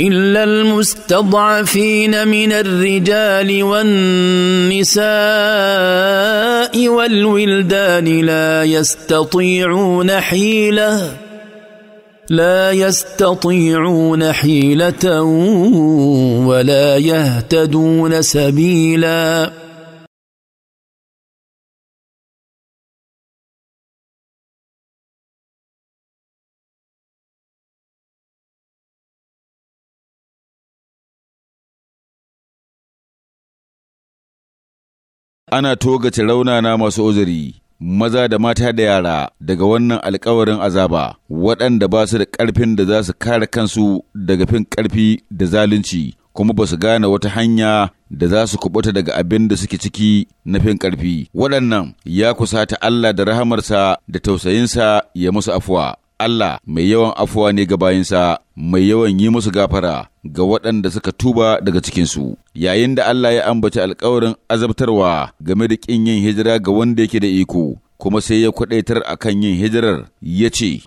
الا المستضعفين من الرجال والنساء والولدان لا يستطيعون حيله لا يستطيعون حيله ولا يهتدون سبيلا ana togace raunana masu uzuri maza da mata da yara daga wannan alkawarin azaba waɗanda ba su da ƙarfin da za su kare kansu daga fin ƙarfi da zalunci kuma ba su gane wata hanya da za su kubuta daga abin da suke ciki na fin ƙarfi waɗannan ya kusa ta Allah da rahamarsa da tausayinsa ya musu afuwa Allah mai yawan afuwa ne ga bayinsa, mai yawan yi musu gafara ga waɗanda suka tuba daga cikinsu. Yayin da Allah ya ambaci alkawarin azabtarwa game da ƙin yin hijira ga wanda yake da iko, kuma sai ya kwaɗaitar kan yin hijirar, ya ce,